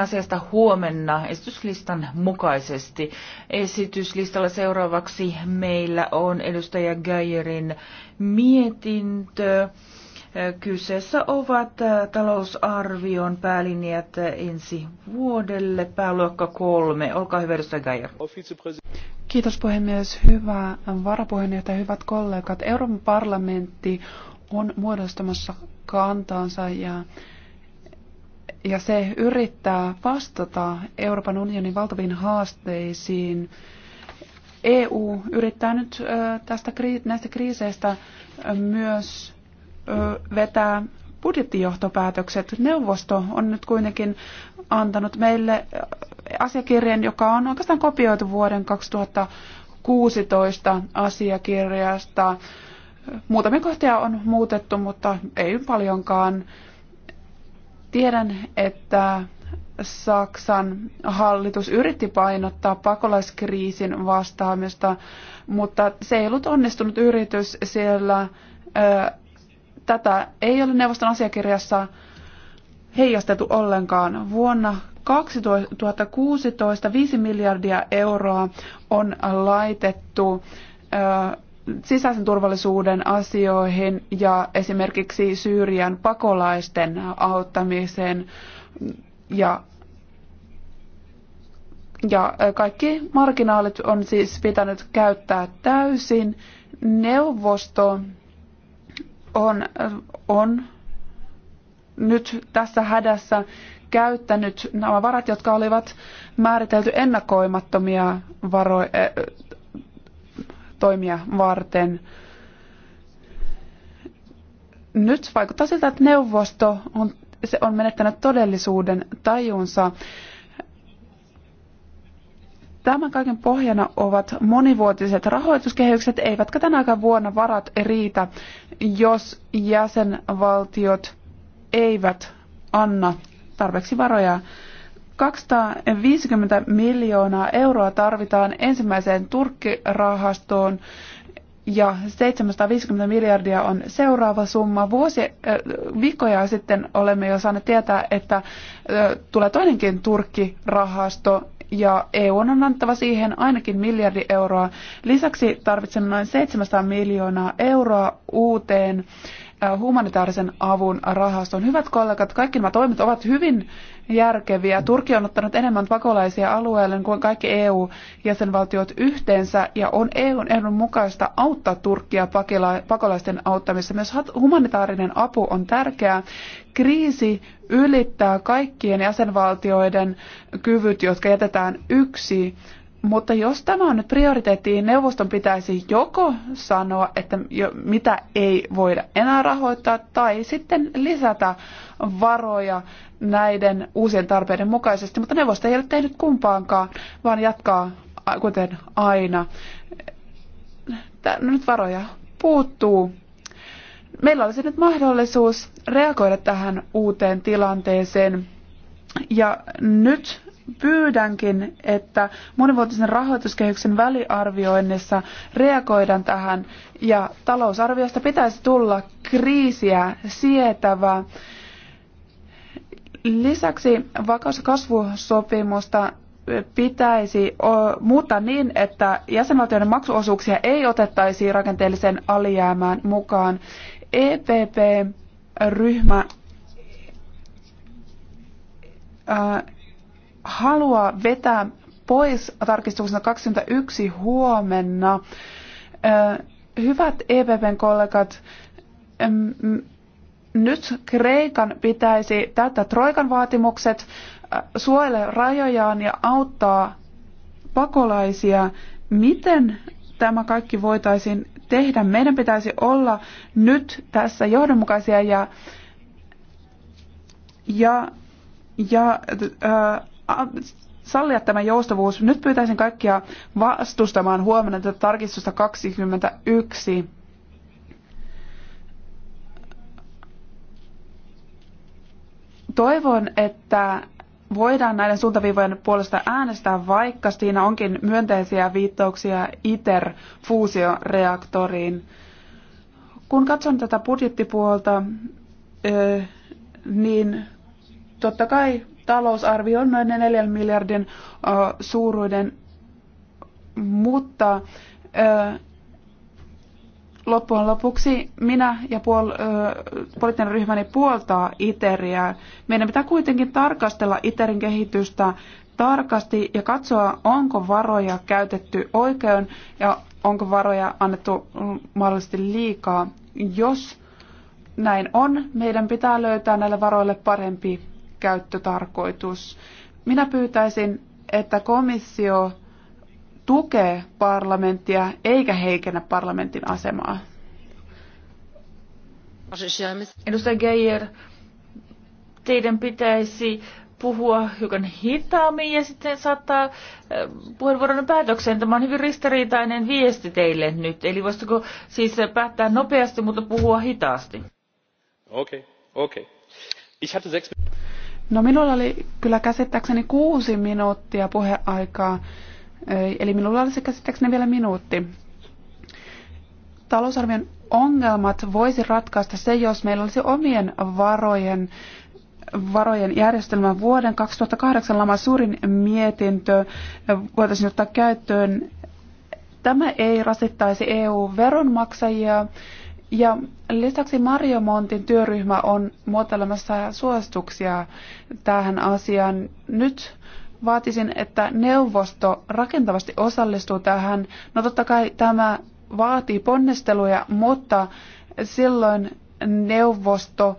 asiasta huomenna esityslistan mukaisesti. Esityslistalla seuraavaksi meillä on edustaja Geierin mietintö. Kyseessä ovat äh, talousarvion päälinjat ensi vuodelle, pääluokka kolme. Olkaa hyvä, edustaja Geier. Kiitos puhemies, hyvä varapuheenjohtaja, hyvät kollegat. Euroopan parlamentti on muodostamassa kantaansa ja ja se yrittää vastata Euroopan unionin valtaviin haasteisiin. EU yrittää nyt tästä, näistä kriiseistä myös vetää budjettijohtopäätökset. Neuvosto on nyt kuitenkin antanut meille asiakirjan, joka on oikeastaan kopioitu vuoden 2016 asiakirjasta. Muutamia kohtia on muutettu, mutta ei paljonkaan. Tiedän, että Saksan hallitus yritti painottaa pakolaiskriisin vastaamista, mutta se ei ollut onnistunut yritys, sillä tätä ei ole neuvoston asiakirjassa heijastettu ollenkaan. Vuonna 2016 5 miljardia euroa on laitettu sisäisen turvallisuuden asioihin ja esimerkiksi Syyrian pakolaisten auttamiseen ja ja kaikki marginaalit on siis pitänyt käyttää täysin. Neuvosto on, on nyt tässä hädässä käyttänyt nämä varat, jotka olivat määritelty ennakoimattomia varo- toimia varten. Nyt vaikuttaa siltä, että neuvosto on, se on menettänyt todellisuuden tajunsa. Tämän kaiken pohjana ovat monivuotiset rahoituskehykset, eivätkä tänäkään vuonna varat riitä, jos jäsenvaltiot eivät anna tarpeeksi varoja 250 miljoonaa euroa tarvitaan ensimmäiseen Turkkirahastoon ja 750 miljardia on seuraava summa. Vuosi, äh, viikkoja sitten olemme jo saaneet tietää, että äh, tulee toinenkin turkkirahasto ja EU on antava siihen ainakin miljardi euroa. Lisäksi tarvitsemme noin 700 miljoonaa euroa uuteen humanitaarisen avun rahaston. Hyvät kollegat, kaikki nämä toimet ovat hyvin järkeviä. Turkki on ottanut enemmän pakolaisia alueelle kuin kaikki EU-jäsenvaltiot yhteensä ja on EUn ehdon mukaista auttaa Turkkia pakolaisten auttamisessa. Myös humanitaarinen apu on tärkeää. Kriisi ylittää kaikkien jäsenvaltioiden kyvyt, jotka jätetään yksi mutta jos tämä on nyt prioriteetti, niin neuvoston pitäisi joko sanoa, että jo, mitä ei voida enää rahoittaa, tai sitten lisätä varoja näiden uusien tarpeiden mukaisesti. Mutta neuvosto ei ole tehnyt kumpaankaan, vaan jatkaa kuten aina. Tää, no nyt varoja puuttuu. Meillä olisi nyt mahdollisuus reagoida tähän uuteen tilanteeseen. Ja nyt pyydänkin, että monivuotisen rahoituskehyksen väliarvioinnissa reagoidaan tähän ja talousarviosta pitäisi tulla kriisiä sietävä. Lisäksi vakaus- ja kasvusopimusta pitäisi muuttaa niin, että jäsenvaltioiden maksuosuuksia ei otettaisi rakenteelliseen alijäämään mukaan. EPP-ryhmä haluaa vetää pois tarkistuksena 21 huomenna. Hyvät EPPn kollegat, nyt Kreikan pitäisi täyttää Troikan vaatimukset, suojella rajojaan ja auttaa pakolaisia. Miten tämä kaikki voitaisiin tehdä? Meidän pitäisi olla nyt tässä johdonmukaisia ja, ja, ja äh, sallia tämä joustavuus. Nyt pyytäisin kaikkia vastustamaan huomenna tätä tarkistusta 21. Toivon, että voidaan näiden suuntaviivojen puolesta äänestää, vaikka siinä onkin myönteisiä viittauksia ITER-fuusioreaktoriin. Kun katson tätä budjettipuolta, niin totta kai talousarvio on noin 4 miljardin suuruinen, mutta loppujen lopuksi minä ja puol, poliittinen ryhmäni puoltaa ITERiä. Meidän pitää kuitenkin tarkastella ITERin kehitystä tarkasti ja katsoa, onko varoja käytetty oikein ja onko varoja annettu mahdollisesti liikaa. Jos näin on, meidän pitää löytää näille varoille parempi käyttötarkoitus. Minä pyytäisin, että komissio tukee parlamenttia eikä heikennä parlamentin asemaa. Edustaja Geijer, teidän pitäisi puhua hiukan hitaammin ja sitten saattaa eh, puheenvuoron päätökseen. Tämä on hyvin ristiriitainen viesti teille nyt. Eli voisitko siis päättää nopeasti, mutta puhua hitaasti? Okei, okay, okei. Okay. No minulla oli kyllä käsittääkseni kuusi minuuttia puheaikaa, eh, eli minulla olisi käsittääkseni vielä minuutti. Talousarvion ongelmat voisi ratkaista se, jos meillä olisi omien varojen varojen järjestelmän vuoden 2008 lama suurin mietintö eh, voitaisiin ottaa käyttöön. Tämä ei rasittaisi EU-veronmaksajia, ja lisäksi Mario Montin työryhmä on muotoilemassa suosituksia tähän asiaan. Nyt vaatisin, että neuvosto rakentavasti osallistuu tähän. No totta kai tämä vaatii ponnisteluja, mutta silloin neuvosto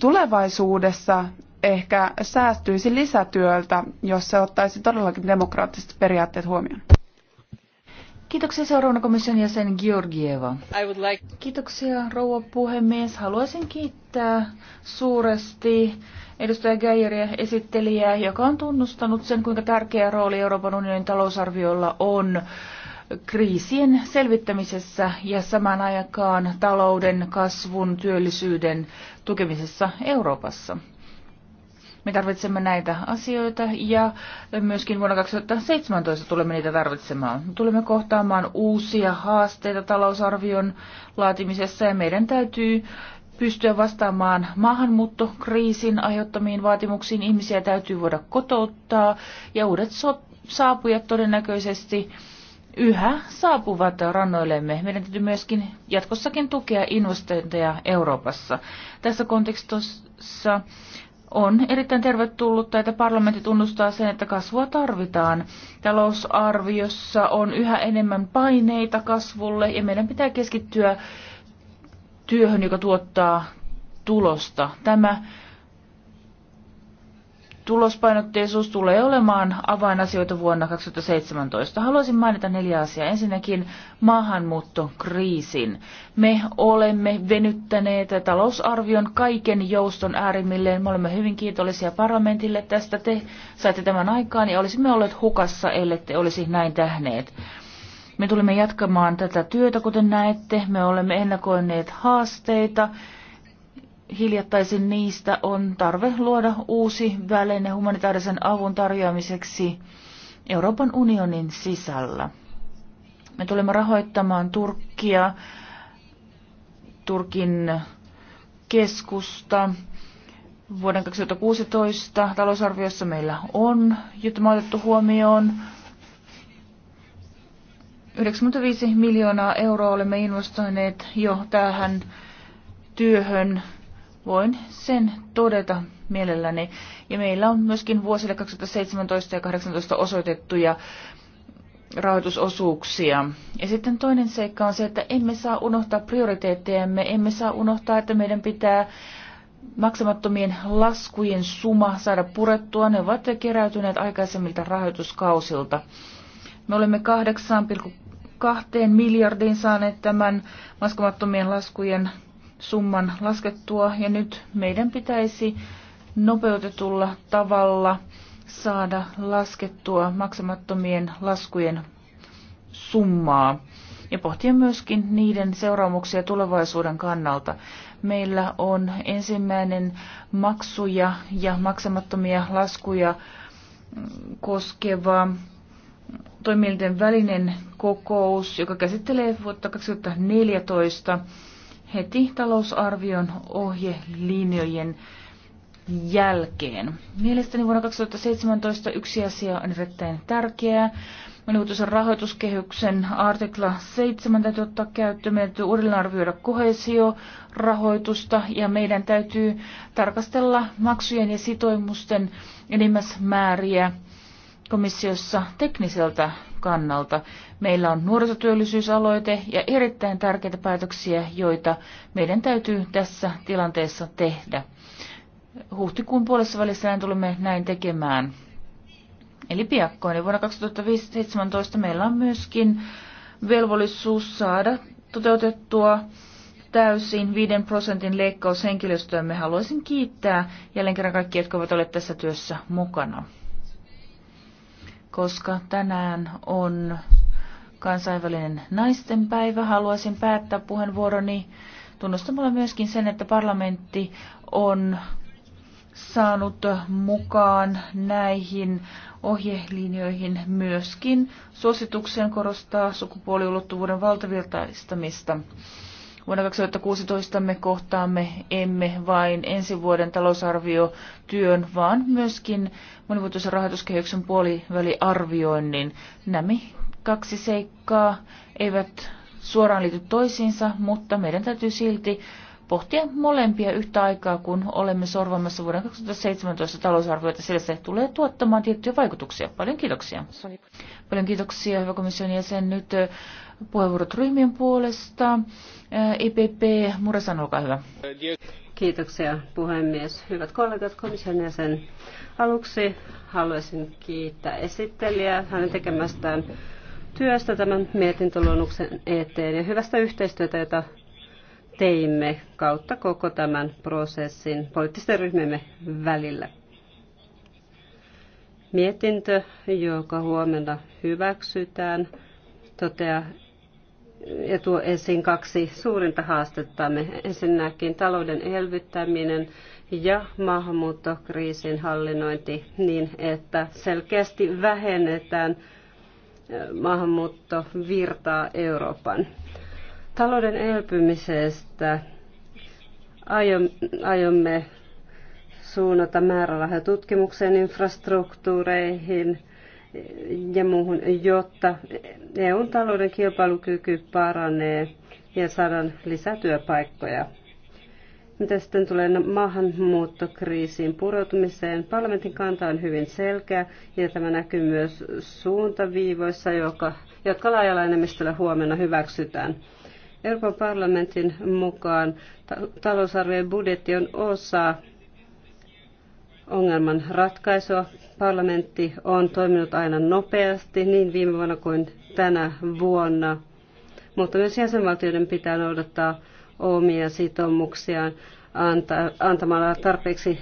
tulevaisuudessa ehkä säästyisi lisätyöltä, jos se ottaisi todellakin demokraattiset periaatteet huomioon. Kiitoksia seuraavana komission jäsen Georgieva. I would like... Kiitoksia rouva puhemies. Haluaisin kiittää suuresti edustaja Geijeriä esittelijää, joka on tunnustanut sen, kuinka tärkeä rooli Euroopan unionin talousarviolla on kriisien selvittämisessä ja samaan aikaan talouden, kasvun, työllisyyden tukemisessa Euroopassa. Me tarvitsemme näitä asioita ja myöskin vuonna 2017 tulemme niitä tarvitsemaan. tulemme kohtaamaan uusia haasteita talousarvion laatimisessa ja meidän täytyy pystyä vastaamaan maahanmuuttokriisin aiheuttamiin vaatimuksiin. Ihmisiä täytyy voida kotouttaa ja uudet so- saapujat todennäköisesti yhä saapuvat rannoillemme. Meidän täytyy myöskin jatkossakin tukea investointeja Euroopassa. Tässä kontekstissa on erittäin tervetullutta, että parlamentti tunnustaa sen, että kasvua tarvitaan. Talousarviossa on yhä enemmän paineita kasvulle ja meidän pitää keskittyä työhön, joka tuottaa tulosta. Tämä Tulospainotteisuus tulee olemaan avainasioita vuonna 2017. Haluaisin mainita neljä asiaa. Ensinnäkin maahanmuuttokriisin. Me olemme venyttäneet talousarvion kaiken jouston äärimmilleen. Me olemme hyvin kiitollisia parlamentille tästä. Te saitte tämän aikaan ja olisimme olleet hukassa, ellei te olisi näin tähneet. Me tulemme jatkamaan tätä työtä, kuten näette. Me olemme ennakoineet haasteita hiljattaisin niistä on tarve luoda uusi väline humanitaarisen avun tarjoamiseksi Euroopan unionin sisällä. Me tulemme rahoittamaan Turkkia, Turkin keskusta. Vuoden 2016 talousarviossa meillä on jo tämä otettu huomioon. 95 miljoonaa euroa olemme investoineet jo tähän työhön Voin sen todeta mielelläni. Ja meillä on myöskin vuosille 2017 ja 2018 osoitettuja rahoitusosuuksia. Ja sitten toinen seikka on se, että emme saa unohtaa prioriteettejamme, emme saa unohtaa, että meidän pitää maksamattomien laskujen suma saada purettua. Ne ovat keräytyneet aikaisemmilta rahoituskausilta. Me olemme 8,2 miljardiin saaneet tämän maksamattomien laskujen summan laskettua ja nyt meidän pitäisi nopeutetulla tavalla saada laskettua maksamattomien laskujen summaa ja pohtia myöskin niiden seuraamuksia tulevaisuuden kannalta. Meillä on ensimmäinen maksuja ja maksamattomia laskuja koskeva toimielinten välinen kokous, joka käsittelee vuotta 2014 heti talousarvion ohjelinjojen jälkeen. Mielestäni vuonna 2017 yksi asia on erittäin tärkeää. Monivuotisen rahoituskehyksen artikla 7 täytyy ottaa käyttöön. Meidän täytyy uudelleen arvioida kohesiorahoitusta ja meidän täytyy tarkastella maksujen ja sitoimusten enimmäismääriä komissiossa tekniseltä kannalta. Meillä on nuorisotyöllisyysaloite ja erittäin tärkeitä päätöksiä, joita meidän täytyy tässä tilanteessa tehdä. Huhtikuun puolessa välissä näin tulemme näin tekemään. Eli piakkoin. vuonna 2017 meillä on myöskin velvollisuus saada toteutettua täysin 5 prosentin leikkaus henkilöstöön. Me haluaisin kiittää jälleen kerran kaikki, jotka ovat olleet tässä työssä mukana koska tänään on kansainvälinen naistenpäivä. Haluaisin päättää puheenvuoroni tunnustamalla myöskin sen, että parlamentti on saanut mukaan näihin ohjelinjoihin myöskin suosituksen korostaa sukupuoliulottuvuuden valtavirtaistamista. Vuonna 2016 me kohtaamme emme vain ensi vuoden talousarviotyön, vaan myöskin monivuotoisen rahoituskehyksen puoliväliarvioinnin. Nämä kaksi seikkaa eivät suoraan liity toisiinsa, mutta meidän täytyy silti pohtia molempia yhtä aikaa, kun olemme sorvamassa vuoden 2017 talousarvioita, sillä se tulee tuottamaan tiettyjä vaikutuksia. Paljon kiitoksia. Paljon kiitoksia, hyvä komission jäsen. Nyt puheenvuorot ryhmien puolesta. EPP, Murasan, olkaa hyvä. Kiitoksia puhemies. Hyvät kollegat, komission jäsen. Aluksi haluaisin kiittää esittelijää hänen tekemästään työstä tämän mietintöluonnoksen eteen ja hyvästä yhteistyötä, jota teimme kautta koko tämän prosessin poliittisten ryhmiemme välillä. Mietintö, joka huomenna hyväksytään, toteaa, ja tuo esiin kaksi suurinta haastettamme. Ensinnäkin talouden elvyttäminen ja maahanmuuttokriisin hallinnointi niin, että selkeästi vähennetään maahanmuuttovirtaa Euroopan. Talouden elpymisestä aiomme suunnata määrärahoja tutkimukseen, infrastruktuureihin – ja muuhun, jotta EUn talouden kilpailukyky paranee ja saadaan lisää työpaikkoja. Mitä sitten tulee maahanmuuttokriisiin pureutumiseen? Parlamentin kanta on hyvin selkeä ja tämä näkyy myös suuntaviivoissa, joka, jotka laajalla enemmistöllä huomenna hyväksytään. Euroopan parlamentin mukaan talousarvojen budjetti on osa ongelman ratkaisua. Parlamentti on toiminut aina nopeasti niin viime vuonna kuin tänä vuonna, mutta myös jäsenvaltioiden pitää noudattaa omia sitoumuksiaan antamalla tarpeeksi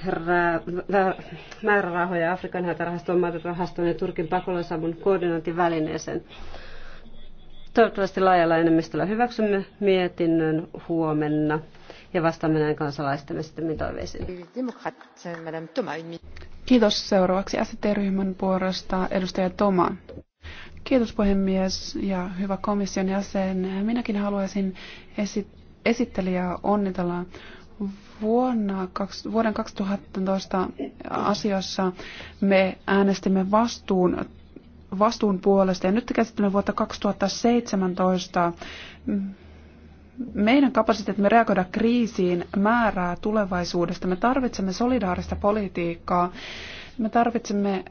määrärahoja Afrikan hätärahaston, maatarahaston ja Turkin pakolaisavun koordinointivälineeseen. Toivottavasti laajalla enemmistöllä hyväksymme mietinnön huomenna ja vastaamme näin kansalaistemme sitten toiveisiin. Kiitos seuraavaksi ST-ryhmän puolesta edustaja Toma. Kiitos puhemies ja hyvä komission jäsen. Minäkin haluaisin esi- esittelijää onnitella vuonna, vuoden 2012 asiassa me äänestimme vastuun, vastuun puolesta ja nyt käsittelemme vuotta 2017 meidän kapasiteettimme reagoida kriisiin määrää tulevaisuudesta. Me tarvitsemme solidaarista politiikkaa. Me tarvitsemme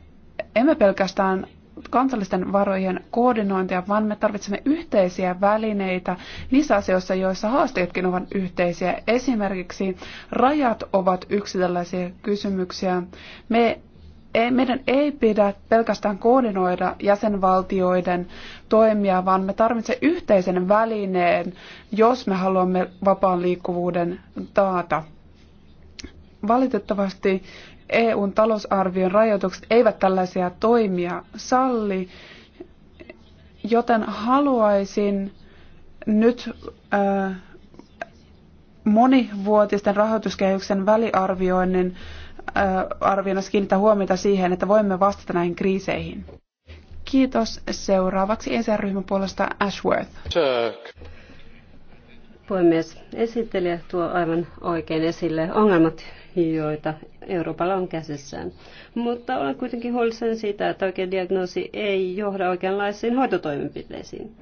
emme pelkästään kansallisten varojen koordinointia, vaan me tarvitsemme yhteisiä välineitä niissä asioissa, joissa haasteetkin ovat yhteisiä. Esimerkiksi rajat ovat yksi tällaisia kysymyksiä. Me meidän ei pidä pelkästään koordinoida jäsenvaltioiden toimia, vaan me tarvitsemme yhteisen välineen, jos me haluamme vapaan liikkuvuuden taata. Valitettavasti EUn talousarvion rajoitukset eivät tällaisia toimia salli, joten haluaisin nyt äh, monivuotisten rahoituskehyksen väliarvioinnin äh, arvioinnissa kiinnittää huomiota siihen, että voimme vastata näihin kriiseihin. Kiitos. Seuraavaksi ESR-ryhmän puolesta Ashworth. Puhemies, esittelijä tuo aivan oikein esille ongelmat, joita Euroopalla on käsissään. Mutta olen kuitenkin huolissani siitä, että oikea diagnoosi ei johda oikeanlaisiin hoitotoimenpiteisiin.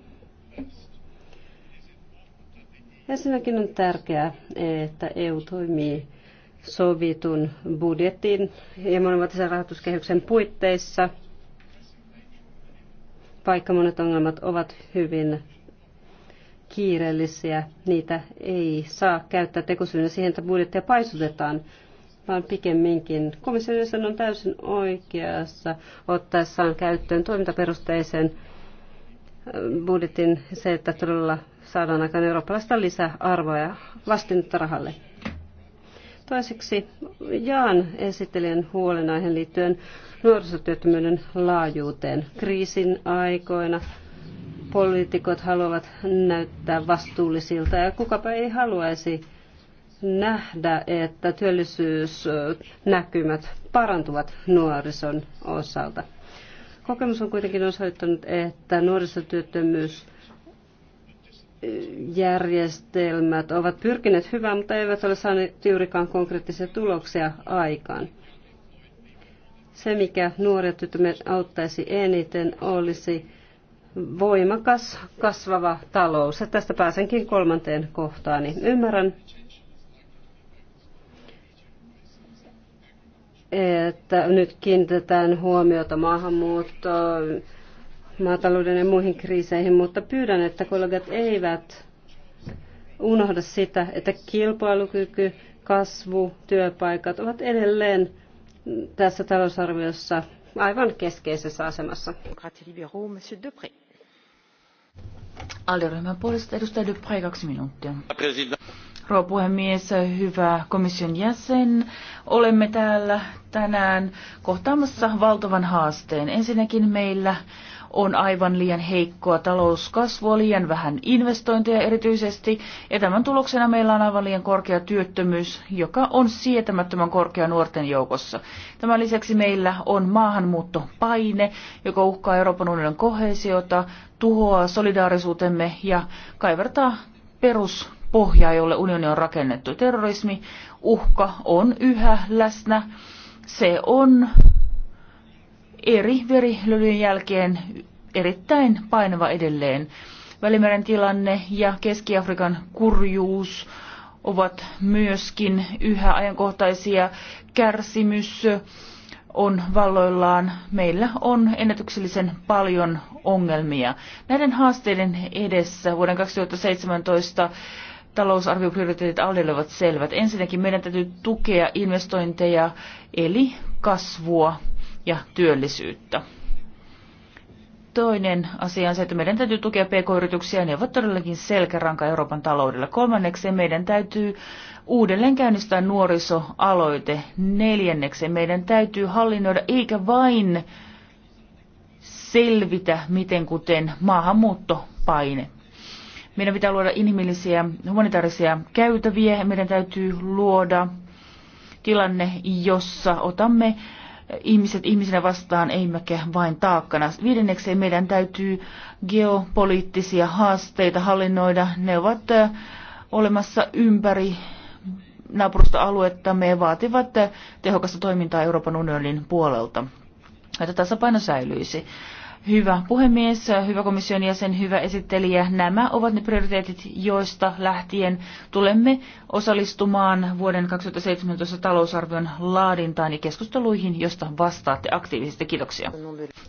Ensinnäkin on tärkeää, että EU toimii sovitun budjetin ja monivuotisen rahoituskehyksen puitteissa, vaikka monet ongelmat ovat hyvin kiireellisiä, niitä ei saa käyttää tekosyynä siihen, että budjettia paisutetaan, vaan pikemminkin komission on täysin oikeassa ottaessaan käyttöön toimintaperusteisen budjetin se, että todella saadaan aikaan eurooppalaista lisäarvoa ja vastinetta rahalle. Toiseksi jaan esittelijän huolenaiheen liittyen nuorisotyöttömyyden laajuuteen. Kriisin aikoina poliitikot haluavat näyttää vastuullisilta ja kukapa ei haluaisi nähdä, että työllisyysnäkymät parantuvat nuorison osalta. Kokemus on kuitenkin osoittanut, että nuorisotyöttömyys järjestelmät ovat pyrkineet hyvään, mutta eivät ole saaneet juurikaan konkreettisia tuloksia aikaan. Se, mikä nuoria tyttöjä auttaisi eniten, olisi voimakas kasvava talous. Ja tästä pääsenkin kolmanteen kohtaan. Niin ymmärrän, että nyt kiinnitetään huomiota maahanmuuttoon, maatalouden ja muihin kriiseihin, mutta pyydän, että kollegat eivät unohda sitä, että kilpailukyky, kasvu, työpaikat ovat edelleen tässä talousarviossa aivan keskeisessä asemassa. Alderyhmän puolesta edustaja kaksi minuuttia. Rouva puhemies, hyvä komission jäsen. Olemme täällä tänään kohtaamassa valtavan haasteen. Ensinnäkin meillä on aivan liian heikkoa talouskasvua, liian vähän investointeja erityisesti, ja tämän tuloksena meillä on aivan liian korkea työttömyys, joka on sietämättömän korkea nuorten joukossa. Tämän lisäksi meillä on maahanmuuttopaine, joka uhkaa Euroopan unionin kohesiota, tuhoaa solidaarisuutemme ja kaivertaa perus pohjaa, jolle unioni on rakennettu. Terrorismi, uhka on yhä läsnä. Se on eri verilylyjen jälkeen erittäin painava edelleen. Välimeren tilanne ja Keski-Afrikan kurjuus ovat myöskin yhä ajankohtaisia. Kärsimys on valloillaan. Meillä on ennätyksellisen paljon ongelmia. Näiden haasteiden edessä vuoden 2017 talousarvioprioriteetit Aldelle ovat selvät. Ensinnäkin meidän täytyy tukea investointeja eli kasvua ja työllisyyttä. Toinen asia on se, että meidän täytyy tukea pk-yrityksiä. Ne ovat todellakin selkäranka Euroopan taloudella. Kolmanneksi meidän täytyy uudelleen käynnistää nuorisoaloite. Neljänneksi meidän täytyy hallinnoida eikä vain selvitä, miten kuten maahanmuuttopaine. Meidän pitää luoda inhimillisiä humanitaarisia käytäviä. Meidän täytyy luoda tilanne, jossa otamme ihmiset ihmisenä vastaan, eimmekä vain taakkana. Viidenneksi meidän täytyy geopoliittisia haasteita hallinnoida. Ne ovat olemassa ympäri aluetta. Me vaativat tehokasta toimintaa Euroopan unionin puolelta, että tasapaino säilyisi. Hyvä puhemies, hyvä komission jäsen, hyvä esittelijä. Nämä ovat ne prioriteetit, joista lähtien tulemme osallistumaan vuoden 2017 talousarvion laadintaan ja keskusteluihin, josta vastaatte aktiivisesti. Kiitoksia.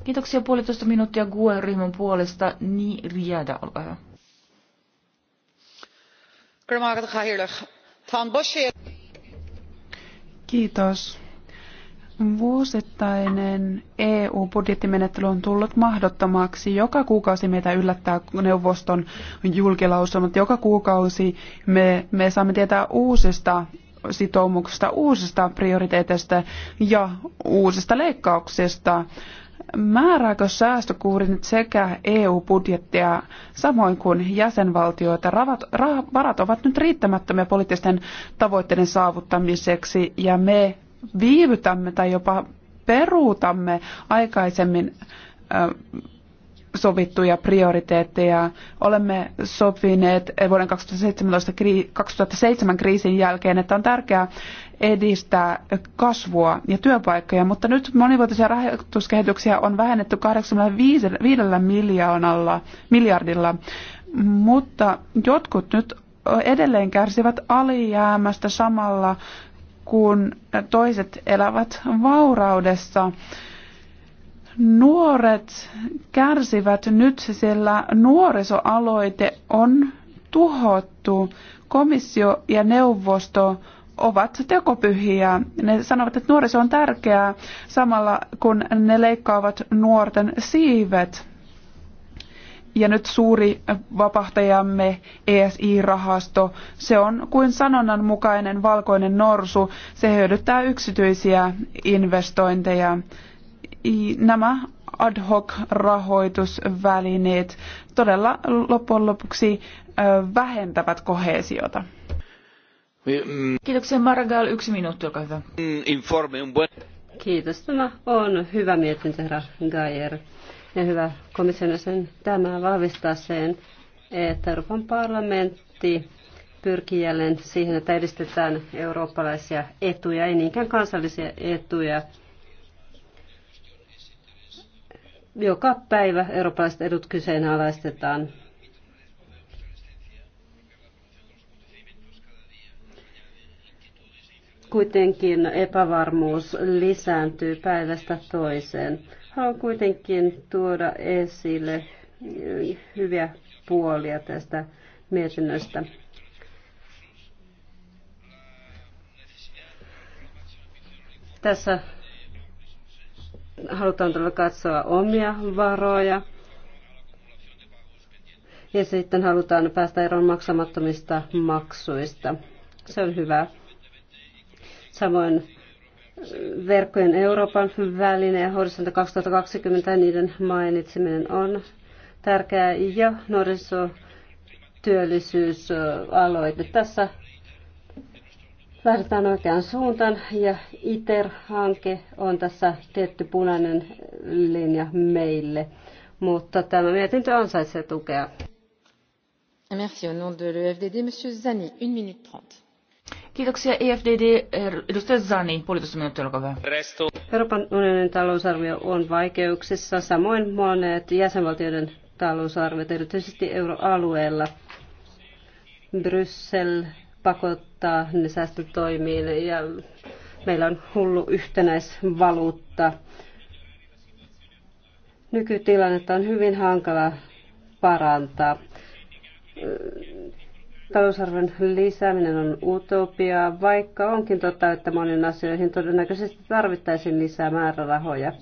Kiitoksia puolitoista minuuttia GUE-ryhmän puolesta. Niin riada, olkaa hyvä. Kiitos. Vuosittainen EU-budjettimenettely on tullut mahdottomaksi. Joka kuukausi meitä yllättää neuvoston julkilausumat. Joka kuukausi me, me saamme tietää uusista sitoumuksista, uusista prioriteeteista ja uusista leikkauksista. Määrääkö säästökuuri nyt sekä EU-budjettia samoin kuin jäsenvaltioita? Ravat, rah, varat ovat nyt riittämättömiä poliittisten tavoitteiden saavuttamiseksi ja me viivytämme tai jopa peruutamme aikaisemmin sovittuja prioriteetteja. Olemme sopineet vuoden 2017, 2007 kriisin jälkeen, että on tärkeää edistää kasvua ja työpaikkoja, mutta nyt monivuotisia rahoituskehityksiä on vähennetty 85 miljoonalla, miljardilla, mutta jotkut nyt edelleen kärsivät alijäämästä samalla kun toiset elävät vauraudessa. Nuoret kärsivät nyt, sillä nuorisoaloite on tuhottu. Komissio ja neuvosto ovat tekopyhiä. Ne sanovat, että nuoriso on tärkeää samalla kun ne leikkaavat nuorten siivet ja nyt suuri vapahtajamme ESI-rahasto, se on kuin sanonnan mukainen valkoinen norsu, se hyödyttää yksityisiä investointeja. Nämä ad hoc rahoitusvälineet todella loppujen lopuksi vähentävät kohesiota. Mm, Kiitoksia Margal. Yksi minuutti, olkaa hyvä. Mm, Kiitos. Tämä on hyvä mietintö, herra Gajer ja hyvä komission sen tämä vahvistaa sen, että Euroopan parlamentti pyrkii jälleen siihen, että edistetään eurooppalaisia etuja, ei niinkään kansallisia etuja. Joka päivä eurooppalaiset edut kyseenalaistetaan. Kuitenkin epävarmuus lisääntyy päivästä toiseen. Haluan kuitenkin tuoda esille eh, hyviä puolia tästä mietinnöstä. Tässä halutaan todella katsoa omia varoja. Ja sitten halutaan päästä eroon maksamattomista maksuista. Se on hyvä. Samoin verkkojen Euroopan väline ja horisontti 2020 niiden mainitseminen on tärkeää ja nuorisotyöllisyysaloite. Tässä lähdetään oikeaan suuntaan ja ITER-hanke on tässä tietty punainen linja meille, mutta tämä mietintö ansaitsee tukea. Merci au nom de l'EFDD, Monsieur Zani, 1 minute 30. Kiitoksia EFDD. Edustaja Zani, puolitoista minuuttia, olkaa hyvä. Euroopan unionin talousarvio on vaikeuksissa, samoin monet jäsenvaltioiden talousarviot, erityisesti euroalueella. Bryssel pakottaa ne säästötoimiin ja meillä on hullu yhtenäisvaluutta. Nykytilannetta on hyvin hankala parantaa Talousarvon lisääminen on utopiaa, vaikka onkin totta, että moniin asioihin todennäköisesti tarvittaisiin lisää määrärahoja.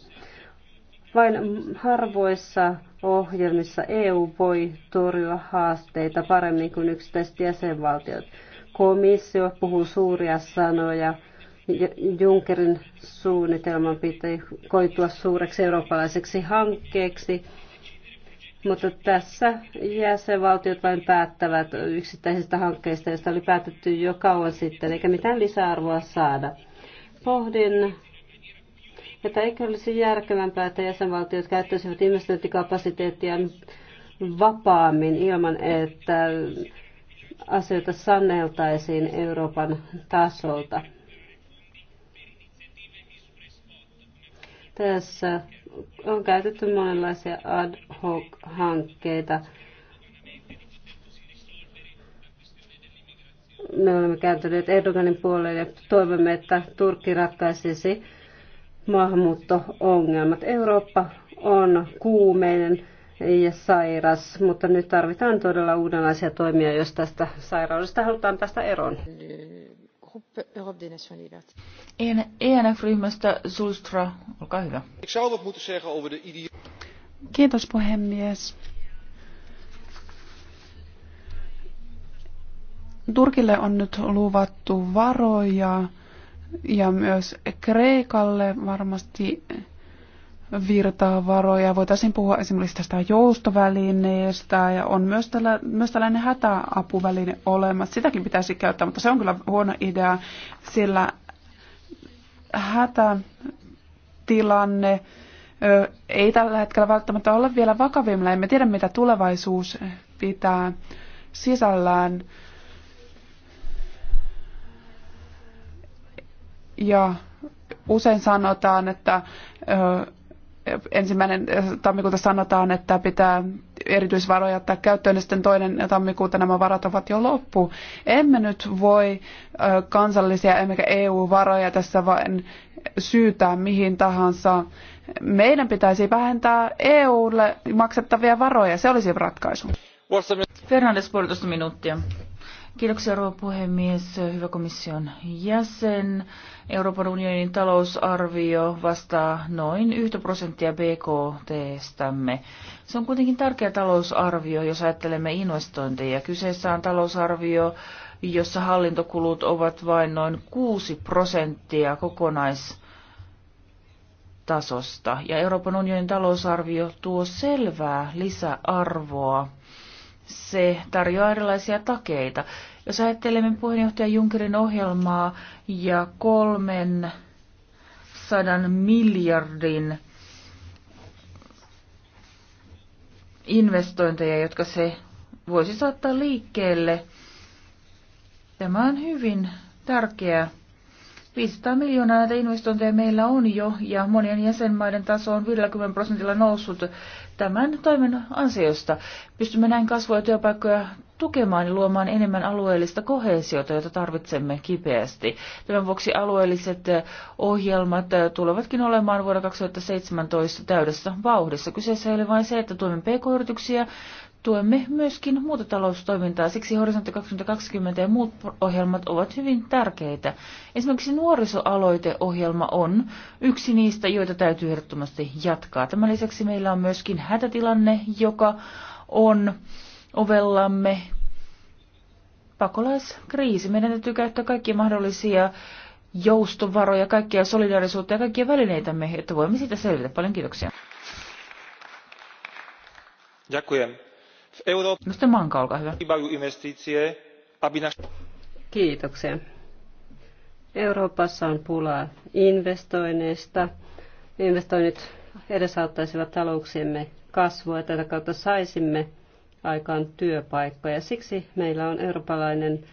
Vain harvoissa ohjelmissa EU voi torjua haasteita paremmin kuin yksittäiset jäsenvaltiot. Komissio puhuu suuria sanoja. Junckerin suunnitelman pitäisi koitua suureksi eurooppalaiseksi hankkeeksi mutta tässä jäsenvaltiot vain päättävät yksittäisistä hankkeista, joista oli päätetty jo kauan sitten, eikä mitään lisäarvoa saada. Pohdin, että eikö olisi järkevämpää, että jäsenvaltiot käyttäisivät investointikapasiteettia vapaammin ilman, että asioita saneltaisiin Euroopan tasolta. Tässä on käytetty monenlaisia ad hoc-hankkeita. Me olemme kääntyneet Erdoganin puolelle ja toivomme, että Turkki ratkaisisi maahanmuutto-ongelmat. Eurooppa on kuumeinen ja sairas, mutta nyt tarvitaan todella uudenlaisia toimia, jos tästä sairaudesta halutaan päästä eroon. ENF-ryhmästä Zulstra, olkaa hyvä. Kiitos puhemies. Turkille on nyt luvattu varoja ja myös Kreikalle varmasti virtaa varoja. Voitaisiin puhua esimerkiksi tästä joustovälineestä ja on myös, tällä, myös tällainen hätäapuväline olemassa. Sitäkin pitäisi käyttää, mutta se on kyllä huono idea, sillä hätätilanne ö, ei tällä hetkellä välttämättä ole vielä vakavimmilla. Emme tiedä, mitä tulevaisuus pitää sisällään. Ja usein sanotaan, että ö, ensimmäinen eh, tammikuuta sanotaan, että pitää erityisvaroja ottaa käyttöön, ja sitten toinen tammikuuta nämä varat ovat jo loppu. Emme nyt voi eh, kansallisia emmekä EU-varoja tässä vain syytää mihin tahansa. Meidän pitäisi vähentää EUlle maksettavia varoja, se olisi ratkaisu. Fernandes, puolitoista minuuttia. Kiitoksia rouva puhemies, hyvä komission jäsen. Euroopan unionin talousarvio vastaa noin 1 prosenttia BKT-stämme. Se on kuitenkin tärkeä talousarvio, jos ajattelemme investointeja. Kyseessä on talousarvio, jossa hallintokulut ovat vain noin 6 prosenttia kokonaistasosta. Ja Euroopan unionin talousarvio tuo selvää lisäarvoa se tarjoaa erilaisia takeita. Jos ajattelemme puheenjohtaja Junckerin ohjelmaa ja kolmen sadan miljardin investointeja, jotka se voisi saattaa liikkeelle, tämä on hyvin tärkeä 500 miljoonaa näitä investointeja meillä on jo ja monien jäsenmaiden taso on 50 prosentilla noussut tämän toimen ansiosta. Pystymme näin kasvua ja työpaikkoja tukemaan ja luomaan enemmän alueellista kohesiota, jota tarvitsemme kipeästi. Tämän vuoksi alueelliset ohjelmat tulevatkin olemaan vuonna 2017 täydessä vauhdissa. Kyseessä ei ole vain se, että tuemme pk-yrityksiä, tuemme myöskin muuta taloustoimintaa. Siksi Horisontti 2020 ja muut ohjelmat ovat hyvin tärkeitä. Esimerkiksi nuorisoaloiteohjelma on yksi niistä, joita täytyy ehdottomasti jatkaa. Tämän lisäksi meillä on myöskin hätätilanne, joka on ovellamme pakolaiskriisi. Meidän täytyy käyttää kaikkia mahdollisia joustovaroja, kaikkia solidaarisuutta ja kaikkia välineitämme, että voimme siitä selvitä. Paljon kiitoksia. Dziękuję No Manka, olkaa hyvä. Kiitoksia. Euroopassa on pulaa investoinneista. Investoinnit edesauttaisivat talouksiemme kasvua ja tätä kautta saisimme aikaan työpaikkoja. Siksi meillä on eurooppalainen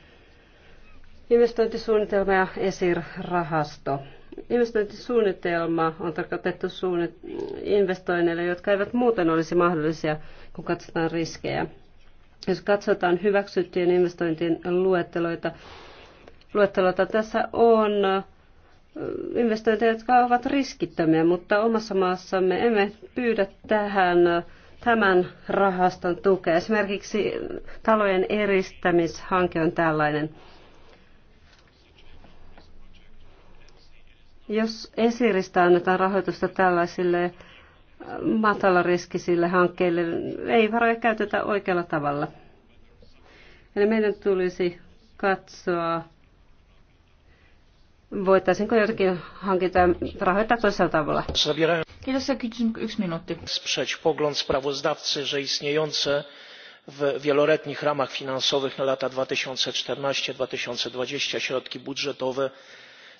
investointisuunnitelma ja ESIR-rahasto. Investointisuunnitelma on tarkoitettu suunnit- investoinneille, jotka eivät muuten olisi mahdollisia, kun katsotaan riskejä. Jos katsotaan hyväksyttyjen investointien luetteloita, luetteloita tässä on investointeja, jotka ovat riskittömiä, mutta omassa maassamme emme pyydä tähän tämän rahaston tukea. Esimerkiksi talojen eristämishanke on tällainen. Jos esiristä annetaan rahoitusta tällaisille matalariskisille hankkeille, ei varoja käytetä oikealla tavalla. Eli meidän tulisi katsoa, voitaisiinko jotakin hankita rahoittaa toisella tavalla. Kiitos, yksi minuutti. Sprzeć pogląd sprawozdawcy, że istniejące w wieloletnich ramach finansowych na lata 2014-2020 środki budżetowe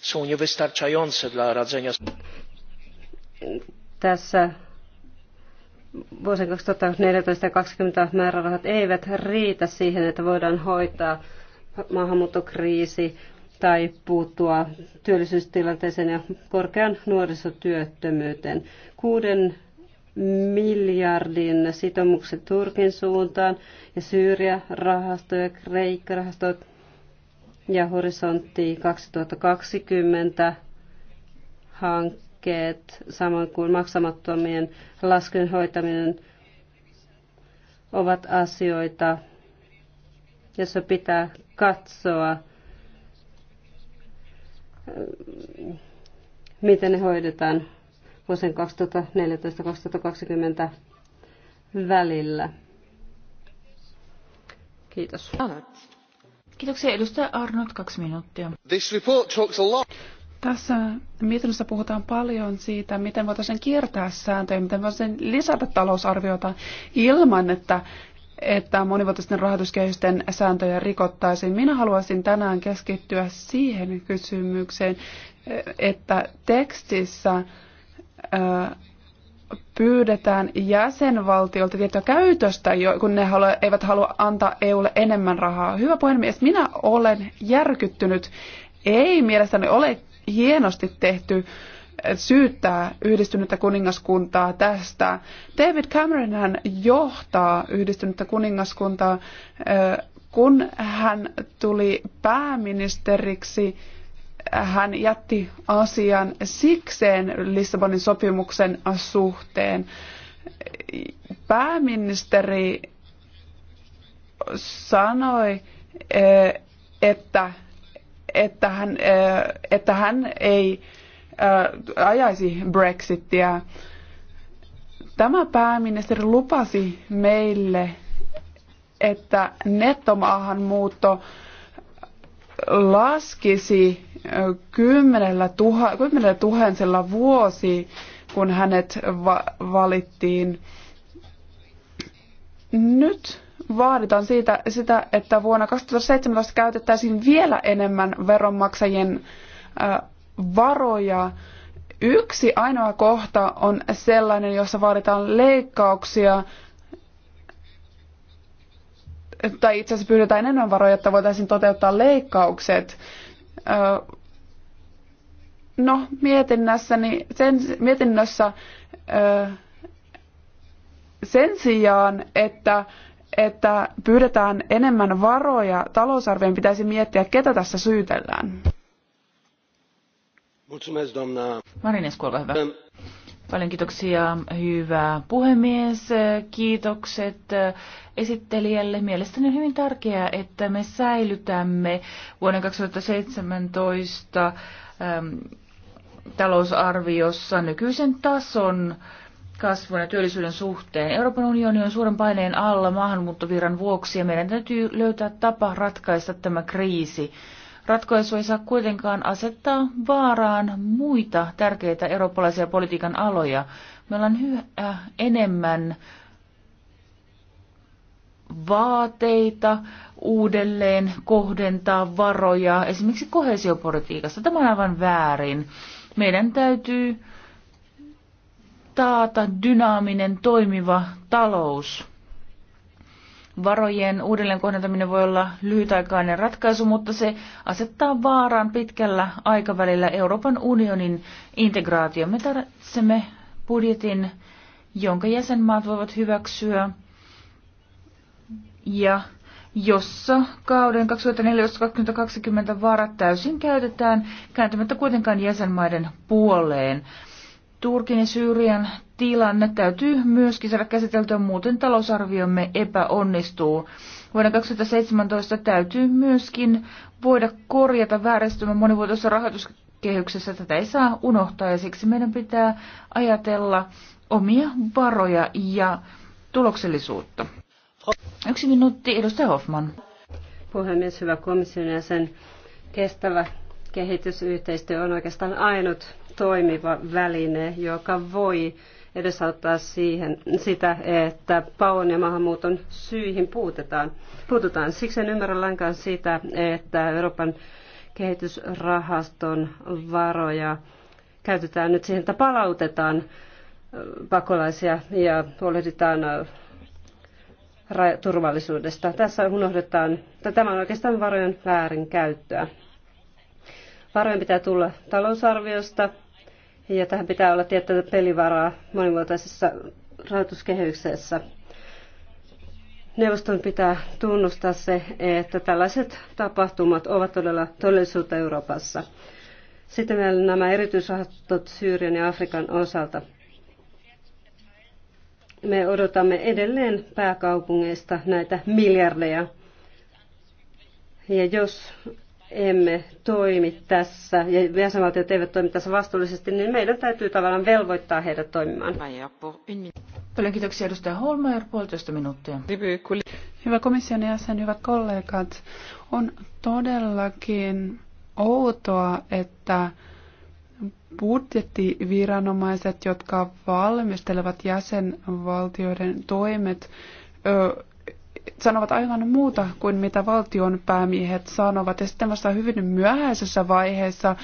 są niewystarczające dla radzenia Tässä vuosien 2014-2020 määrärahat eivät riitä siihen, että voidaan hoitaa maahanmuuttokriisi tai puuttua työllisyystilanteeseen ja korkean nuorisotyöttömyyteen. Kuuden miljardin sitoumukset Turkin suuntaan ja Syyria-rahasto ja Kreikka-rahasto ja horisontti 2020 hankkeet, samoin kuin maksamattomien laskujen hoitaminen ovat asioita, joissa pitää katsoa, miten ne hoidetaan vuosien 2014-2020 välillä. Kiitos. Kiitoksia edustaja Arnold, kaksi minuuttia. This report talks a lot. Tässä mietinnössä puhutaan paljon siitä, miten voitaisiin kiertää sääntöjä, miten voitaisiin lisätä talousarviota ilman, että, että monivuotisten rahoituskehysten sääntöjä rikottaisiin. Minä haluaisin tänään keskittyä siihen kysymykseen, että tekstissä pyydetään jäsenvaltiolta tiettyä käytöstä, kun ne eivät halua antaa EUlle enemmän rahaa. Hyvä puhemies, minä olen järkyttynyt. Ei mielestäni ole hienosti tehty eh, syyttää yhdistynyttä kuningaskuntaa tästä. David Cameron hän johtaa yhdistynyttä kuningaskuntaa, eh, kun hän tuli pääministeriksi hän jätti asian sikseen Lissabonin sopimuksen suhteen. Pääministeri sanoi, e, että, että, hän, e, että hän ei e, ajaisi Brexitia. Tämä pääministeri lupasi meille, että nettomaahanmuutto muutto laskisi kymmenellä, tuha, kymmenellä vuosi, kun hänet va- valittiin. Nyt vaaditaan siitä, sitä, että vuonna 2017 käytettäisiin vielä enemmän veronmaksajien varoja. Yksi ainoa kohta on sellainen, jossa vaaditaan leikkauksia tai itse asiassa pyydetään enemmän varoja, että voitaisiin toteuttaa leikkaukset. No, mietinnässäni, sen, mietinnössä sen sijaan, että, että pyydetään enemmän varoja, talousarvion pitäisi miettiä, ketä tässä syytellään. Marines, hyvä. Paljon kiitoksia, hyvä puhemies. Kiitokset esittelijälle. Mielestäni on hyvin tärkeää, että me säilytämme vuoden 2017 äm, talousarviossa nykyisen tason kasvun ja työllisyyden suhteen. Euroopan unioni on suuren paineen alla maahanmuuttoviran vuoksi ja meidän täytyy löytää tapa ratkaista tämä kriisi. Ratkaisu ei saa kuitenkaan asettaa vaaraan muita tärkeitä eurooppalaisia politiikan aloja. Meillä on yhä enemmän vaateita uudelleen kohdentaa varoja esimerkiksi kohesiopolitiikassa. Tämä on aivan väärin. Meidän täytyy taata dynaaminen toimiva talous varojen uudelleenkohdentaminen voi olla lyhytaikainen ratkaisu, mutta se asettaa vaaraan pitkällä aikavälillä Euroopan unionin integraatio. Me tarvitsemme budjetin, jonka jäsenmaat voivat hyväksyä ja jossa kauden 2014-2020 varat täysin käytetään kääntymättä kuitenkaan jäsenmaiden puoleen. Turkin ja Syyrian tilanne täytyy myöskin saada käsiteltyä, muuten talousarviomme epäonnistuu. Vuonna 2017 täytyy myöskin voida korjata vääristymä monivuotoisessa rahoituskehyksessä. Tätä ei saa unohtaa ja siksi meidän pitää ajatella omia varoja ja tuloksellisuutta. Yksi minuutti, edustaja Hoffman. Puhemies, hyvä komission sen Kestävä kehitysyhteistyö on oikeastaan ainut toimiva väline, joka voi edesauttaa siihen, sitä, että paon ja maahanmuuton syihin puutetaan. puututaan. Siksi en ymmärrä lainkaan sitä, että Euroopan kehitysrahaston varoja käytetään nyt siihen, että palautetaan äh, pakolaisia ja huolehditaan äh, turvallisuudesta. Tässä unohdetaan, että tämä on oikeastaan varojen väärinkäyttöä. Varojen pitää tulla talousarviosta ja tähän pitää olla tiettyä pelivaraa monivuotaisessa rahoituskehyksessä. Neuvoston pitää tunnustaa se, että tällaiset tapahtumat ovat todella todellisuutta Euroopassa. Sitten vielä nämä erityisrahoitot Syyrian ja Afrikan osalta. Me odotamme edelleen pääkaupungeista näitä miljardeja. Ja jos emme toimi tässä ja jäsenvaltiot eivät toimi tässä vastuullisesti, niin meidän täytyy tavallaan velvoittaa heidät toimimaan. Paljon kiitoksia edustaja puolitoista minuuttia. Hyvä komission jäsen, hyvät kollegat. On todellakin outoa, että budjettiviranomaiset, jotka valmistelevat jäsenvaltioiden toimet, sanovat aivan muuta kuin mitä valtion päämiehet sanovat. Ja sitten vasta hyvin myöhäisessä vaiheessa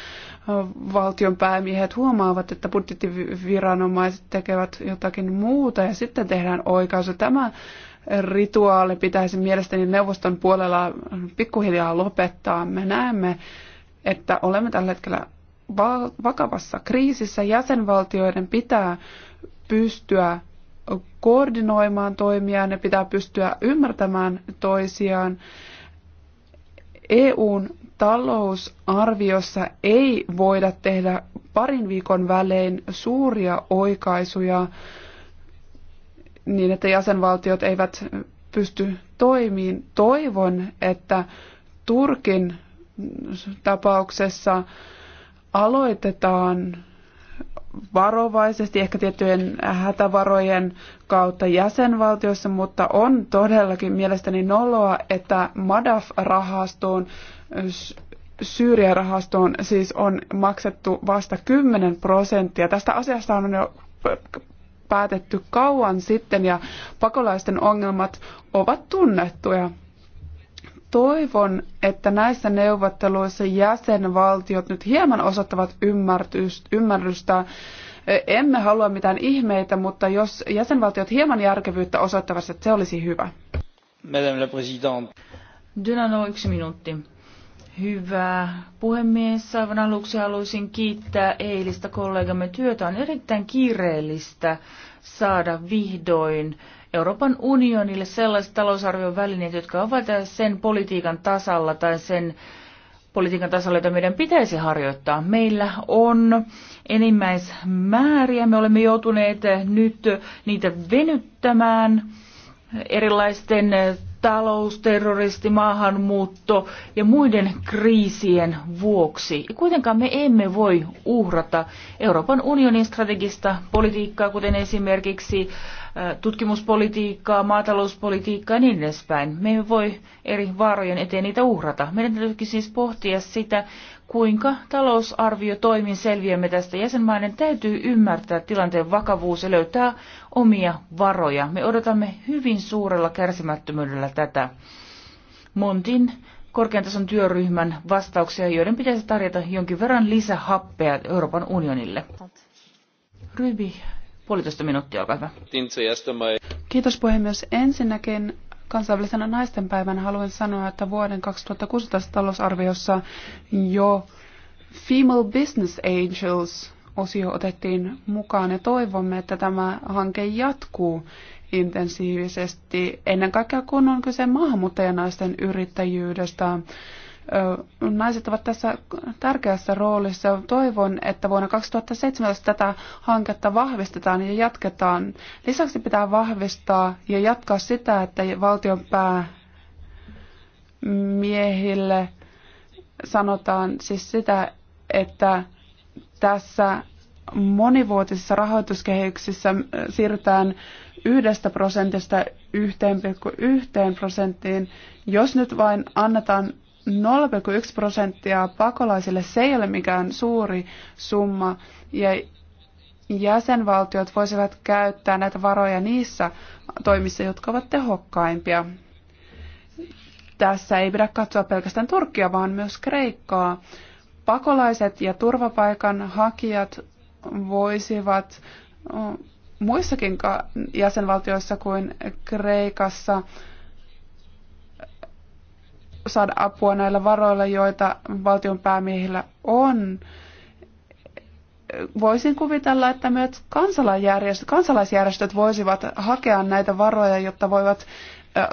valtion päämiehet huomaavat, että budjettiviranomaiset tekevät jotakin muuta ja sitten tehdään oikaisu. Tämä rituaali pitäisi mielestäni neuvoston puolella pikkuhiljaa lopettaa. Me näemme, että olemme tällä hetkellä vakavassa kriisissä. Jäsenvaltioiden pitää pystyä koordinoimaan toimia, ne pitää pystyä ymmärtämään toisiaan. EUn talousarviossa ei voida tehdä parin viikon välein suuria oikaisuja niin, että jäsenvaltiot eivät pysty toimiin. Toivon, että Turkin tapauksessa aloitetaan varovaisesti, ehkä tiettyjen hätävarojen kautta jäsenvaltioissa, mutta on todellakin mielestäni noloa, että MADAF-rahastoon, Syyriarahastoon siis on maksettu vasta 10 prosenttia. Tästä asiasta on jo päätetty kauan sitten ja pakolaisten ongelmat ovat tunnettuja. Toivon, että näissä neuvotteluissa jäsenvaltiot nyt hieman osoittavat ymmärrystä. E, emme halua mitään ihmeitä, mutta jos jäsenvaltiot hieman järkevyyttä osoittavat, että se olisi hyvä. Madame la Présidente. Dynano, yksi minuutti. Hyvä puhemies, aivan aluksi haluaisin kiittää eilistä kollegamme työtä. On erittäin kiireellistä saada vihdoin Euroopan unionille sellaiset talousarvion välineet, jotka ovat sen politiikan tasalla tai sen politiikan tasolla, jota meidän pitäisi harjoittaa. Meillä on enimmäismääriä, me olemme joutuneet nyt niitä venyttämään erilaisten talous, terroristi, maahanmuutto ja muiden kriisien vuoksi. Ja kuitenkaan me emme voi uhrata Euroopan unionin strategista politiikkaa, kuten esimerkiksi äh, tutkimuspolitiikkaa, maatalouspolitiikkaa ja niin edespäin. Me emme voi eri vaarojen eteen niitä uhrata. Meidän täytyy siis pohtia sitä, kuinka talousarvio selviämme tästä. Jäsenmaiden täytyy ymmärtää tilanteen vakavuus ja löytää omia varoja. Me odotamme hyvin suurella kärsimättömyydellä tätä Montin korkean tason työryhmän vastauksia, joiden pitäisi tarjota jonkin verran lisähappea Euroopan unionille. Ryby, puolitoista minuuttia, olkaa hyvä. Kiitos puhemies. Ensinnäkin kansainvälisenä naistenpäivänä haluan sanoa, että vuoden 2016 talousarviossa jo Female Business Angels osio otettiin mukaan ja toivomme, että tämä hanke jatkuu intensiivisesti ennen kaikkea kun on kyse maahanmuuttajanaisten yrittäjyydestä. Naiset ovat tässä tärkeässä roolissa. Toivon, että vuonna 2017 tätä hanketta vahvistetaan ja jatketaan. Lisäksi pitää vahvistaa ja jatkaa sitä, että valtion päämiehille sanotaan siis sitä, että tässä monivuotisissa rahoituskehyksissä siirrytään yhdestä prosentista 1,1 prosenttiin. Jos nyt vain annetaan 0,1 prosenttia pakolaisille, se ei ole mikään suuri summa, ja jäsenvaltiot voisivat käyttää näitä varoja niissä toimissa, jotka ovat tehokkaimpia. Tässä ei pidä katsoa pelkästään Turkkia, vaan myös Kreikkaa. Pakolaiset ja turvapaikan hakijat voisivat muissakin jäsenvaltioissa kuin Kreikassa saada apua näillä varoilla, joita valtion päämiehillä on. Voisin kuvitella, että myös kansalaisjärjestöt, kansalaisjärjestöt voisivat hakea näitä varoja, jotta voivat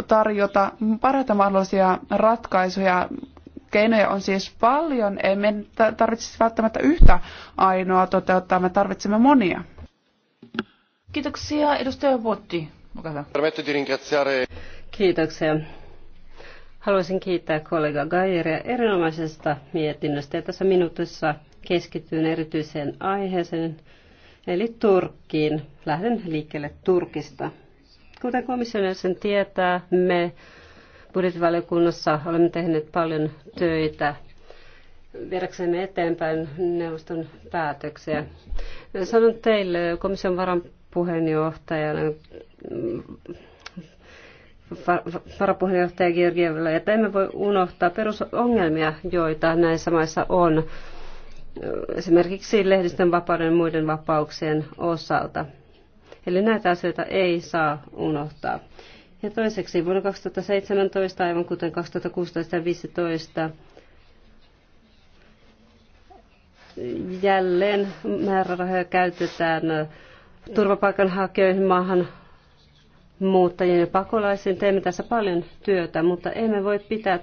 tarjota parhaita mahdollisia ratkaisuja. Keinoja on siis paljon, emme tarvitse tarvitsisi välttämättä yhtä ainoa toteuttaa, me tarvitsemme monia. Kiitoksia, edustaja Votti. Kiitoksia. Haluaisin kiittää kollega Gajeria erinomaisesta mietinnöstä. Ja tässä minuutissa keskityn erityiseen aiheeseen, eli Turkkiin. Lähden liikkeelle Turkista. Kuten komission sen tietää, me budjettivaliokunnassa olemme tehneet paljon töitä viedäksemme eteenpäin neuvoston päätöksiä. Sanon teille komission varan puheenjohtajana varapuheenjohtaja Georgieville, että emme voi unohtaa perusongelmia, joita näissä maissa on, esimerkiksi lehdistön vapauden ja muiden vapauksien osalta. Eli näitä asioita ei saa unohtaa. Ja toiseksi vuonna 2017, aivan kuten 2016 ja 2015, jälleen määrärahoja käytetään turvapaikanhakijoihin, maahan muuttajien ja pakolaisiin. Teemme tässä paljon työtä, mutta emme voi pitää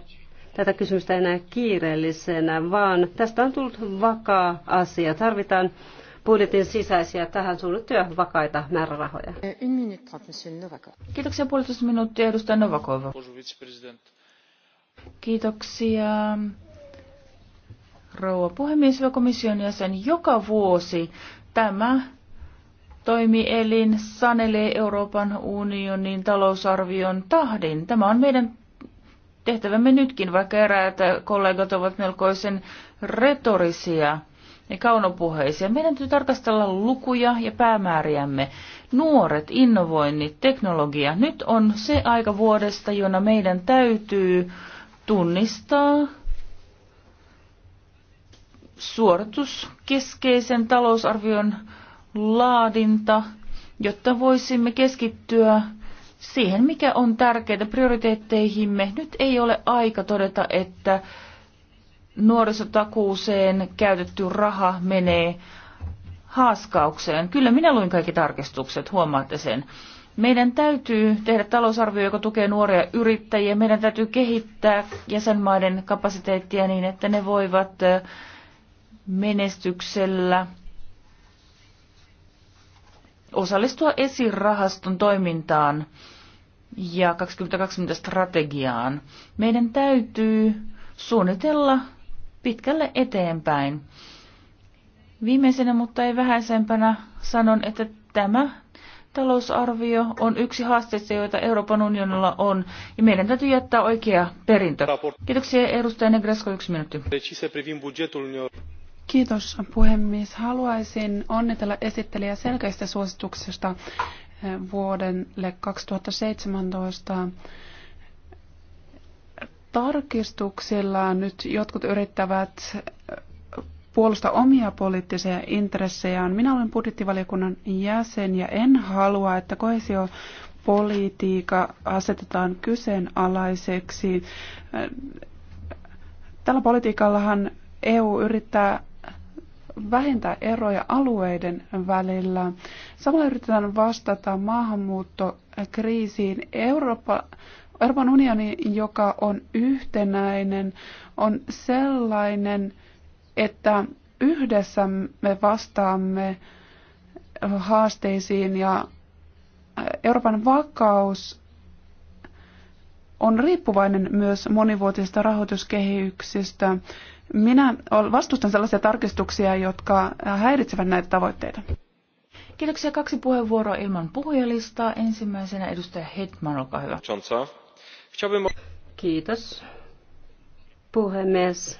tätä kysymystä enää kiireellisenä, vaan tästä on tullut vakaa asia. Tarvitaan budjetin sisäisiä tähän suunnittuja vakaita määrärahoja. Eh, Kiitoksia puolitoista minuuttia edustaja Novakova. Kiitoksia. Rouva puhemies ja komission jäsen, joka vuosi tämä toimielin sanelee Euroopan unionin talousarvion tahdin. Tämä on meidän tehtävämme nytkin, vaikka eräät kollegat ovat melkoisen retorisia ja kaunopuheisia. Meidän täytyy tarkastella lukuja ja päämääriämme. Nuoret, innovoinnit, teknologia. Nyt on se aika vuodesta, jona meidän täytyy tunnistaa suorituskeskeisen talousarvion laadinta, jotta voisimme keskittyä siihen, mikä on tärkeää prioriteetteihimme. Nyt ei ole aika todeta, että nuorisotakuuseen käytetty raha menee haaskaukseen. Kyllä minä luin kaikki tarkistukset, huomaatte sen. Meidän täytyy tehdä talousarvio, joka tukee nuoria yrittäjiä. Meidän täytyy kehittää jäsenmaiden kapasiteettia niin, että ne voivat menestyksellä osallistua esirahaston toimintaan ja 2020 strategiaan. Meidän täytyy suunnitella pitkälle eteenpäin. Viimeisenä, mutta ei vähäisempänä, sanon, että tämä talousarvio on yksi haasteista, joita Euroopan unionilla on, ja meidän täytyy jättää oikea perintö. Kiitoksia edustaja Negresko, yksi minuutti. Kiitos puhemies. Haluaisin onnitella esittelijä selkeistä suosituksista eh, vuodelle 2017 tarkistuksilla nyt jotkut yrittävät eh, puolustaa omia poliittisia intressejään. Minä olen budjettivaliokunnan jäsen ja en halua, että kohesiopolitiikka asetetaan kyseenalaiseksi. Eh, tällä politiikallahan EU yrittää vähentää eroja alueiden välillä. Samalla yritetään vastata maahanmuuttokriisiin. Eurooppa, Euroopan unioni, joka on yhtenäinen, on sellainen, että yhdessä me vastaamme haasteisiin ja Euroopan vakaus on riippuvainen myös monivuotisista rahoituskehyksistä. Minä vastustan sellaisia tarkistuksia, jotka häiritsevät näitä tavoitteita. Kiitoksia. Kaksi puheenvuoroa ilman puhujalistaa. Ensimmäisenä edustaja Hetman, olkaa hyvä. Kiitos, puhemies.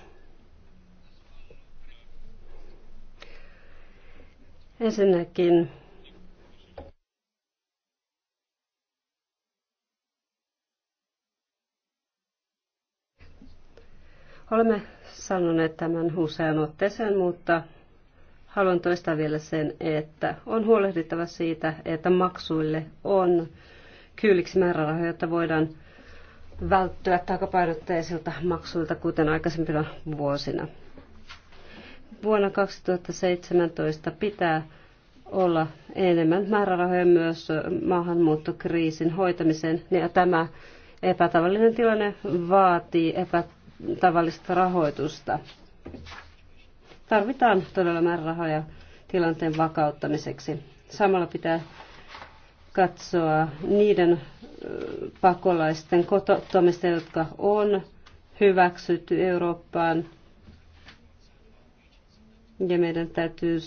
Ensinnäkin Olemme sanoneet tämän usean otteeseen, mutta haluan toistaa vielä sen, että on huolehdittava siitä, että maksuille on kylliksi määrärahoja, jotta voidaan välttyä takapainotteisilta maksuilta, kuten aikaisempina vuosina. Vuonna 2017 pitää olla enemmän määrärahoja myös maahanmuuttokriisin hoitamiseen, ja tämä epätavallinen tilanne vaatii epätavallisia tavallista rahoitusta. Tarvitaan todella määrärahoja tilanteen vakauttamiseksi. Samalla pitää katsoa niiden pakolaisten kotouttamista, jotka on hyväksytty Eurooppaan. Ja meidän täytyy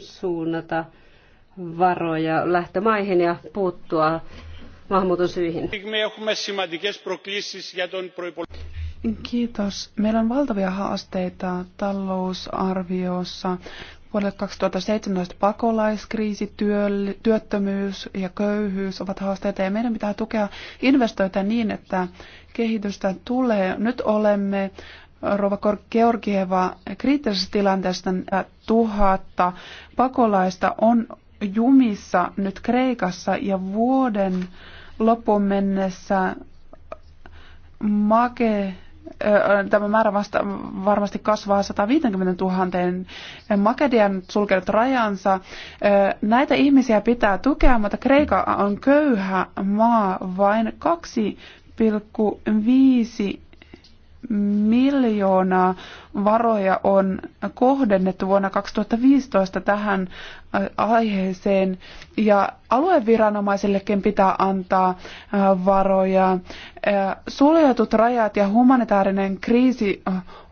suunnata varoja lähtömaihin ja puuttua maahanmuuton syihin. Kiitos. Meillä on valtavia haasteita talousarviossa. Vuodelle 2017 pakolaiskriisi, työttömyys ja köyhyys ovat haasteita ja meidän pitää tukea investoita niin, että kehitystä tulee. Nyt olemme Rova Georgieva kriittisessä tilanteessa äh, tuhatta pakolaista on jumissa nyt Kreikassa ja vuoden loppuun mennessä Make tämä määrä vasta, varmasti kasvaa 150 000. Makedian sulkenut rajansa. Näitä ihmisiä pitää tukea, mutta Kreika on köyhä maa. Vain 2,5 miljoonaa varoja on kohdennettu vuonna 2015 tähän aiheeseen ja alueviranomaisillekin pitää antaa varoja. Suljetut rajat ja humanitaarinen kriisi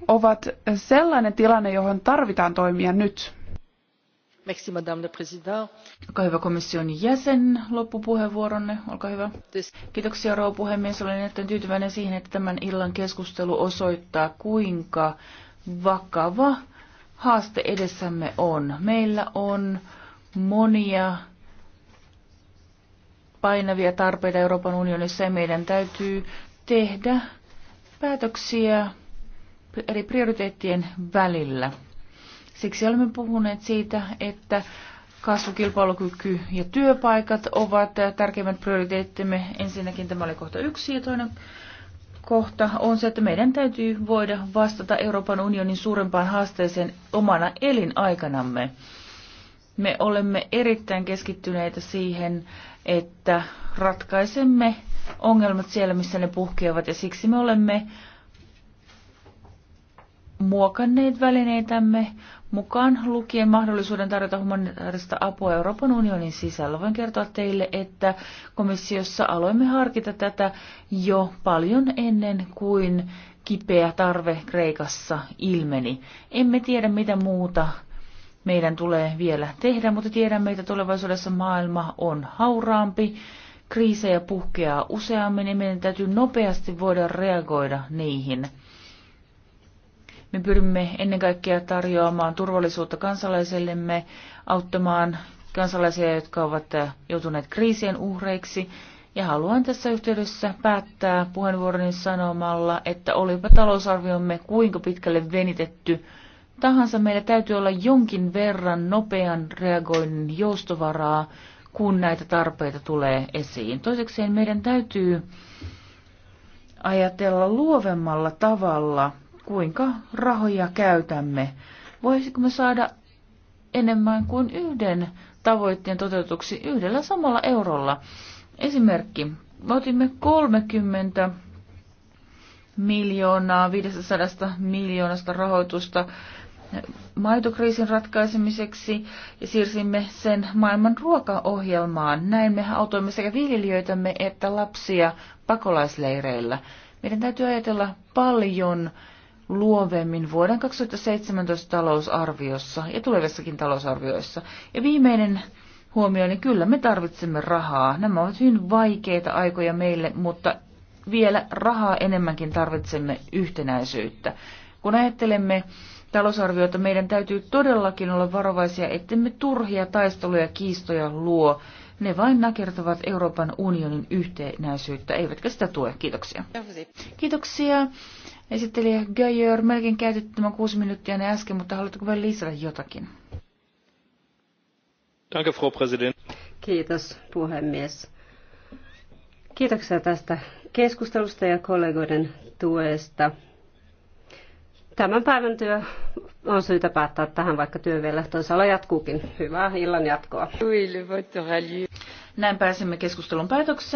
ovat sellainen tilanne, johon tarvitaan toimia nyt. Merci, Olkaa hyvä komission jäsen, loppupuheenvuoronne, olkaa hyvä. Kiitoksia rouva puhemies, olen erittäin tyytyväinen siihen, että tämän illan keskustelu osoittaa kuinka vakava haaste edessämme on. Meillä on monia painavia tarpeita Euroopan unionissa ja meidän täytyy tehdä päätöksiä eri prioriteettien välillä. Siksi olemme puhuneet siitä, että kasvukilpailukyky ja työpaikat ovat tärkeimmät prioriteettimme. Ensinnäkin tämä oli kohta yksi ja toinen kohta on se, että meidän täytyy voida vastata Euroopan unionin suurempaan haasteeseen omana elinaikanamme. Me olemme erittäin keskittyneitä siihen, että ratkaisemme ongelmat siellä, missä ne puhkeavat, ja siksi me olemme muokanneet välineitämme, mukaan lukien mahdollisuuden tarjota humanitaarista apua Euroopan unionin sisällä. Voin kertoa teille, että komissiossa aloimme harkita tätä jo paljon ennen kuin kipeä tarve Kreikassa ilmeni. Emme tiedä, mitä muuta meidän tulee vielä tehdä, mutta tiedämme, että tulevaisuudessa maailma on hauraampi, kriisejä puhkeaa useammin ja meidän täytyy nopeasti voida reagoida niihin – me pyrimme ennen kaikkea tarjoamaan turvallisuutta kansalaisillemme, auttamaan kansalaisia, jotka ovat äh, joutuneet kriisien uhreiksi. Ja haluan tässä yhteydessä päättää puheenvuoroni sanomalla, että olipa talousarviomme kuinka pitkälle venitetty tahansa, meillä täytyy olla jonkin verran nopean reagoinnin joustovaraa, kun näitä tarpeita tulee esiin. Toisekseen meidän täytyy ajatella luovemmalla tavalla kuinka rahoja käytämme. Voisiko me saada enemmän kuin yhden tavoitteen toteutuksi yhdellä samalla eurolla? Esimerkki. Me otimme 30 miljoonaa 500 miljoonasta rahoitusta maitokriisin ratkaisemiseksi ja siirsimme sen maailman ruokaohjelmaan. Näin me autoimme sekä viljelijöitämme että lapsia pakolaisleireillä. Meidän täytyy ajatella paljon luovemmin vuoden 2017 talousarviossa ja tulevissakin talousarvioissa. Ja viimeinen huomio, niin kyllä me tarvitsemme rahaa. Nämä ovat hyvin vaikeita aikoja meille, mutta vielä rahaa enemmänkin tarvitsemme yhtenäisyyttä. Kun ajattelemme talousarviota, meidän täytyy todellakin olla varovaisia, ettemme turhia taisteluja ja kiistoja luo. Ne vain nakertavat Euroopan unionin yhtenäisyyttä, eivätkä sitä tue. Kiitoksia. Kiitoksia. Esittelijä Göjör, melkein käytetty tämän kuusi minuuttia ne äsken, mutta haluatko vielä lisätä jotakin? Danke, Frau President. Kiitos, puhemies. Kiitoksia tästä keskustelusta ja kollegoiden tuesta. Tämän päivän työ on syytä päättää tähän, vaikka työ vielä toisaalla jatkuukin. Hyvää illan jatkoa. Näin pääsemme keskustelun päätökseen.